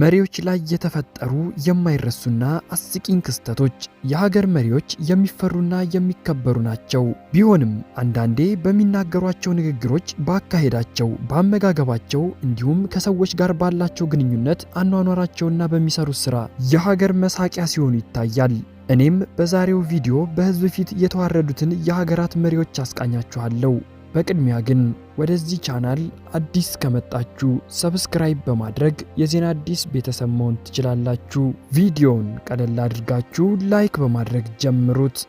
መሪዎች ላይ የተፈጠሩ የማይረሱና አስቂኝ ክስተቶች የሀገር መሪዎች የሚፈሩና የሚከበሩ ናቸው። ቢሆንም አንዳንዴ በሚናገሯቸው ንግግሮች፣ በአካሄዳቸው፣ በአመጋገባቸው እንዲሁም ከሰዎች ጋር ባላቸው ግንኙነት፣ አኗኗራቸውና በሚሰሩት ስራ የሀገር መሳቂያ ሲሆኑ ይታያል። እኔም በዛሬው ቪዲዮ በህዝብ ፊት የተዋረዱትን የሀገራት መሪዎች አስቃኛችኋለሁ። በቅድሚያ ግን ወደዚህ ቻናል አዲስ ከመጣችሁ ሰብስክራይብ በማድረግ የዜና አዲስ ቤተሰብ መሆን ትችላላችሁ። ቪዲዮውን ቀለል አድርጋችሁ ላይክ በማድረግ ጀምሩት።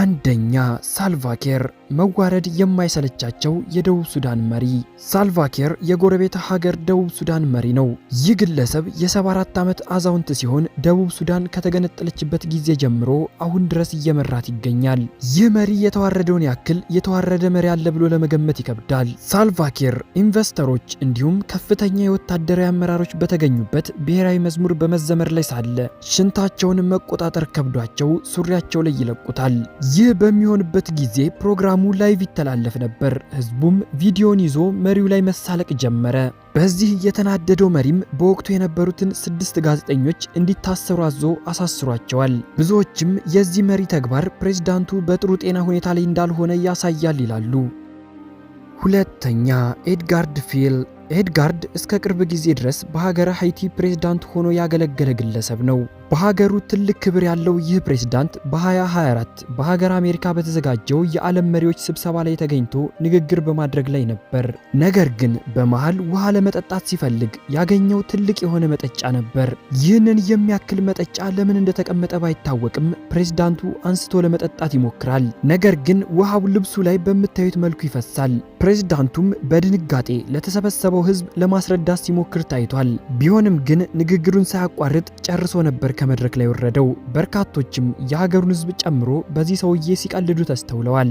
አንደኛ ሳልቫኪር መዋረድ የማይሰለቻቸው የደቡብ ሱዳን መሪ ሳልቫኪር የጎረቤት ሀገር ደቡብ ሱዳን መሪ ነው። ይህ ግለሰብ የ74 ዓመት አዛውንት ሲሆን ደቡብ ሱዳን ከተገነጠለችበት ጊዜ ጀምሮ አሁን ድረስ እየመራት ይገኛል። ይህ መሪ የተዋረደውን ያክል የተዋረደ መሪ አለ ብሎ ለመገመት ይከብዳል። ሳልቫኪር ኢንቨስተሮች፣ እንዲሁም ከፍተኛ የወታደራዊ አመራሮች በተገኙበት ብሔራዊ መዝሙር በመዘመር ላይ ሳለ ሽንታቸውን መቆጣጠር ከብዷቸው ሱሪያቸው ላይ ይለቁታል። ይህ በሚሆንበት ጊዜ ፕሮግራም በየተቋሙ ላይቭ ይተላለፍ ነበር። ህዝቡም ቪዲዮን ይዞ መሪው ላይ መሳለቅ ጀመረ። በዚህ የተናደደው መሪም በወቅቱ የነበሩትን ስድስት ጋዜጠኞች እንዲታሰሩ አዞ አሳስሯቸዋል። ብዙዎችም የዚህ መሪ ተግባር ፕሬዝዳንቱ በጥሩ ጤና ሁኔታ ላይ እንዳልሆነ ያሳያል ይላሉ። ሁለተኛ ኤድጋርድ ፌል ኤድጋርድ እስከ ቅርብ ጊዜ ድረስ በሀገረ ሀይቲ ፕሬዝዳንት ሆኖ ያገለገለ ግለሰብ ነው። በሀገሩ ትልቅ ክብር ያለው ይህ ፕሬዝዳንት በ2024 በሀገር አሜሪካ በተዘጋጀው የዓለም መሪዎች ስብሰባ ላይ ተገኝቶ ንግግር በማድረግ ላይ ነበር። ነገር ግን በመሃል ውሃ ለመጠጣት ሲፈልግ ያገኘው ትልቅ የሆነ መጠጫ ነበር። ይህንን የሚያክል መጠጫ ለምን እንደተቀመጠ ባይታወቅም ፕሬዝዳንቱ አንስቶ ለመጠጣት ይሞክራል። ነገር ግን ውሃው ልብሱ ላይ በምታዩት መልኩ ይፈሳል። ፕሬዝዳንቱም በድንጋጤ ለተሰበሰበው ሕዝብ ለማስረዳት ሲሞክር ታይቷል። ቢሆንም ግን ንግግሩን ሳያቋርጥ ጨርሶ ነበር ከመድረክ ላይ ወረደው። በርካቶችም የሀገሩን ህዝብ ጨምሮ በዚህ ሰውዬ ሲቀልዱ ተስተውለዋል።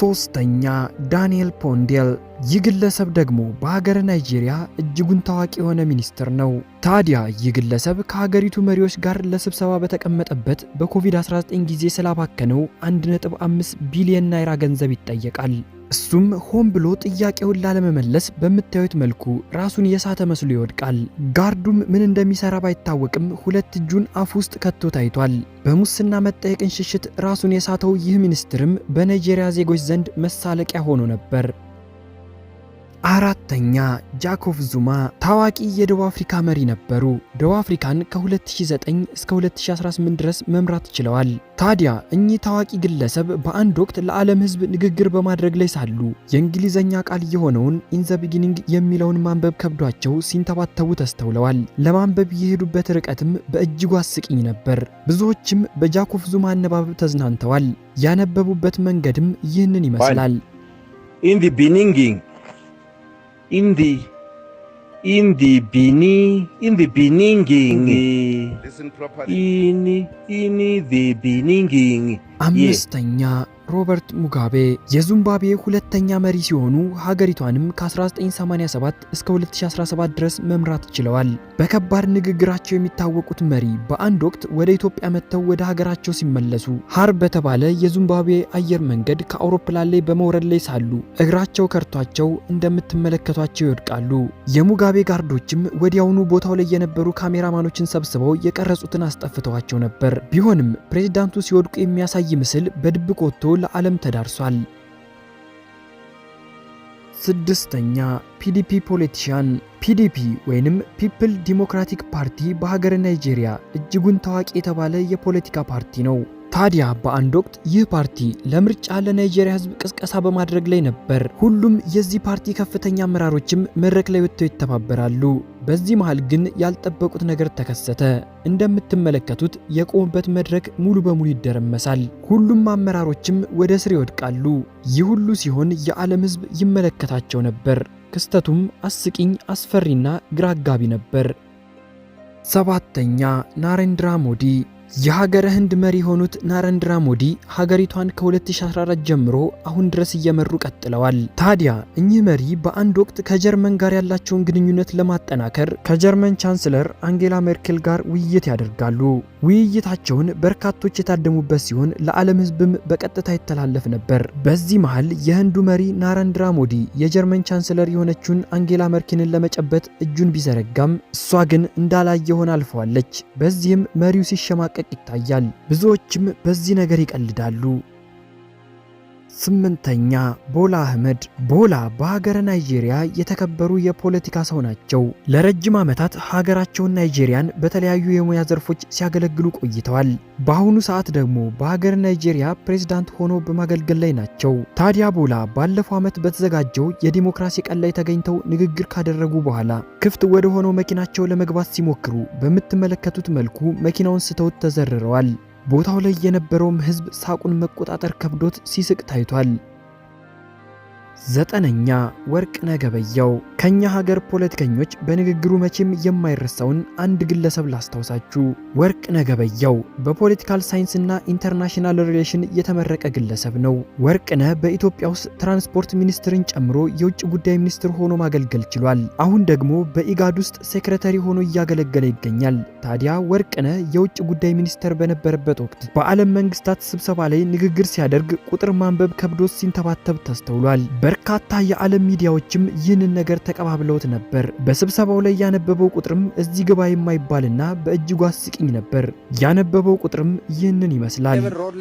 ሶስተኛ ዳንኤል ፖንዴል። ይህ ግለሰብ ደግሞ በሀገረ ናይጄሪያ እጅጉን ታዋቂ የሆነ ሚኒስትር ነው። ታዲያ ይህ ግለሰብ ከሀገሪቱ መሪዎች ጋር ለስብሰባ በተቀመጠበት በኮቪድ-19 ጊዜ ስላባከነው 1.5 ቢሊዮን ናይራ ገንዘብ ይጠየቃል። እሱም ሆን ብሎ ጥያቄውን ላለመመለስ በምታዩት መልኩ ራሱን የሳተ መስሎ ይወድቃል። ጋርዱም ምን እንደሚሰራ ባይታወቅም ሁለት እጁን አፍ ውስጥ ከቶ ታይቷል። በሙስና መጠየቅን ሽሽት ራሱን የሳተው ይህ ሚኒስትርም በናይጄሪያ ዜጎች ዘንድ መሳለቂያ ሆኖ ነበር። አራተኛ ጃኮፍ ዙማ ታዋቂ የደቡብ አፍሪካ መሪ ነበሩ። ደቡብ አፍሪካን ከ2009 እስከ 2018 ድረስ መምራት ችለዋል። ታዲያ እኚህ ታዋቂ ግለሰብ በአንድ ወቅት ለዓለም ሕዝብ ንግግር በማድረግ ላይ ሳሉ የእንግሊዘኛ ቃል የሆነውን ኢን ዘ ቢጊኒንግ የሚለውን ማንበብ ከብዷቸው ሲንተባተቡ ተስተውለዋል። ለማንበብ የሄዱበት ርቀትም በእጅጉ አስቂኝ ነበር። ብዙዎችም በጃኮፍ ዙማ አነባበብ ተዝናንተዋል። ያነበቡበት መንገድም ይህንን ይመስላል። ኢን ዘ ቢጊኒንግ in the in the Bini, in the Beninging, listen properly. In in the Beninging. i yeah. ሮበርት ሙጋቤ የዚምባብዌ ሁለተኛ መሪ ሲሆኑ ሀገሪቷንም ከ1987 እስከ 2017 ድረስ መምራት ችለዋል። በከባድ ንግግራቸው የሚታወቁት መሪ በአንድ ወቅት ወደ ኢትዮጵያ መጥተው ወደ ሀገራቸው ሲመለሱ ሀር በተባለ የዚምባብዌ አየር መንገድ ከአውሮፕላን ላይ በመውረድ ላይ ሳሉ እግራቸው ከርቷቸው እንደምትመለከቷቸው ይወድቃሉ። የሙጋቤ ጋርዶችም ወዲያውኑ ቦታው ላይ የነበሩ ካሜራማኖችን ሰብስበው የቀረጹትን አስጠፍተዋቸው ነበር። ቢሆንም ፕሬዚዳንቱ ሲወድቁ የሚያሳይ ምስል በድብቅ ወጥቶ ለዓለም ተዳርሷል። ስድስተኛ ፒዲፒ ፖለቲሽያን ፒዲፒ ወይንም ፒፕል ዲሞክራቲክ ፓርቲ በሀገረ ናይጄሪያ እጅጉን ታዋቂ የተባለ የፖለቲካ ፓርቲ ነው። ታዲያ በአንድ ወቅት ይህ ፓርቲ ለምርጫ ለናይጄሪያ ህዝብ ቅስቀሳ በማድረግ ላይ ነበር። ሁሉም የዚህ ፓርቲ ከፍተኛ አመራሮችም መድረክ ላይ ወጥተው ይተባበራሉ። በዚህ መሃል ግን ያልጠበቁት ነገር ተከሰተ። እንደምትመለከቱት የቆሙበት መድረክ ሙሉ በሙሉ ይደረመሳል። ሁሉም አመራሮችም ወደ ስር ይወድቃሉ። ይህ ሁሉ ሲሆን የዓለም ህዝብ ይመለከታቸው ነበር። ክስተቱም አስቂኝ፣ አስፈሪና ግራ አጋቢ ነበር። ሰባተኛ ናሬንድራ ሞዲ የሀገረ ህንድ መሪ የሆኑት ናረንድራ ሞዲ ሀገሪቷን ከ2014 ጀምሮ አሁን ድረስ እየመሩ ቀጥለዋል። ታዲያ እኚህ መሪ በአንድ ወቅት ከጀርመን ጋር ያላቸውን ግንኙነት ለማጠናከር ከጀርመን ቻንስለር አንጌላ ሜርኬል ጋር ውይይት ያደርጋሉ። ውይይታቸውን በርካቶች የታደሙበት ሲሆን ለዓለም ህዝብም በቀጥታ ይተላለፍ ነበር። በዚህ መሃል የህንዱ መሪ ናረንድራ ሞዲ የጀርመን ቻንስለር የሆነችውን አንጌላ መርኬልን ለመጨበጥ እጁን ቢዘረጋም እሷ ግን እንዳላየ ሆና አልፈዋለች። በዚህም መሪው ሲሸማቀ ሲለቀቅ ይታያል። ብዙዎችም በዚህ ነገር ይቀልዳሉ። ስምንተኛ ቦላ አህመድ። ቦላ በሀገረ ናይጄሪያ የተከበሩ የፖለቲካ ሰው ናቸው። ለረጅም ዓመታት ሀገራቸውን ናይጄሪያን በተለያዩ የሙያ ዘርፎች ሲያገለግሉ ቆይተዋል። በአሁኑ ሰዓት ደግሞ በሀገረ ናይጄሪያ ፕሬዝዳንት ሆኖ በማገልገል ላይ ናቸው። ታዲያ ቦላ ባለፈው ዓመት በተዘጋጀው የዲሞክራሲ ቀን ላይ ተገኝተው ንግግር ካደረጉ በኋላ ክፍት ወደ ሆነው መኪናቸው ለመግባት ሲሞክሩ በምትመለከቱት መልኩ መኪናውን ስተውት ተዘርረዋል። ቦታው ላይ የነበረውም ህዝብ ሳቁን መቆጣጠር ከብዶት ሲስቅ ታይቷል። ዘጠነኛ ወርቅነህ ገበየሁ ከኛ ሀገር ፖለቲከኞች በንግግሩ መቼም የማይረሳውን አንድ ግለሰብ ላስታውሳችሁ። ወርቅነህ ገበየሁ በፖለቲካል ሳይንስና ኢንተርናሽናል ሪሌሽን የተመረቀ ግለሰብ ነው። ወርቅነህ በኢትዮጵያ ውስጥ ትራንስፖርት ሚኒስትርን ጨምሮ የውጭ ጉዳይ ሚኒስትር ሆኖ ማገልገል ችሏል። አሁን ደግሞ በኢጋድ ውስጥ ሴክሬተሪ ሆኖ እያገለገለ ይገኛል። ታዲያ ወርቅነህ የውጭ ጉዳይ ሚኒስተር በነበረበት ወቅት በዓለም መንግስታት ስብሰባ ላይ ንግግር ሲያደርግ ቁጥር ማንበብ ከብዶ ሲንተባተብ ተስተውሏል። በርካታ የዓለም ሚዲያዎችም ይህንን ነገር ተቀባብለውት ነበር። በስብሰባው ላይ ያነበበው ቁጥርም እዚህ ግባ የማይባልና በእጅጉ አስቂኝ ነበር። ያነበበው ቁጥርም ይህንን ይመስላል። Road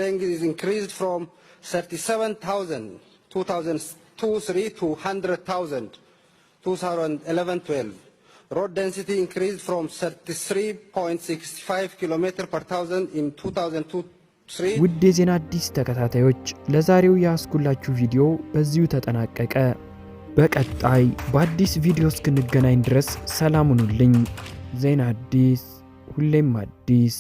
density increased from 33.65 km per thousand in 2002 ውድ የዜና አዲስ ተከታታዮች ለዛሬው ያስኩላችሁ ቪዲዮ በዚሁ ተጠናቀቀ። በቀጣይ በአዲስ ቪዲዮ እስክንገናኝ ድረስ ሰላም ሁኑልኝ። ዜና አዲስ ሁሌም አዲስ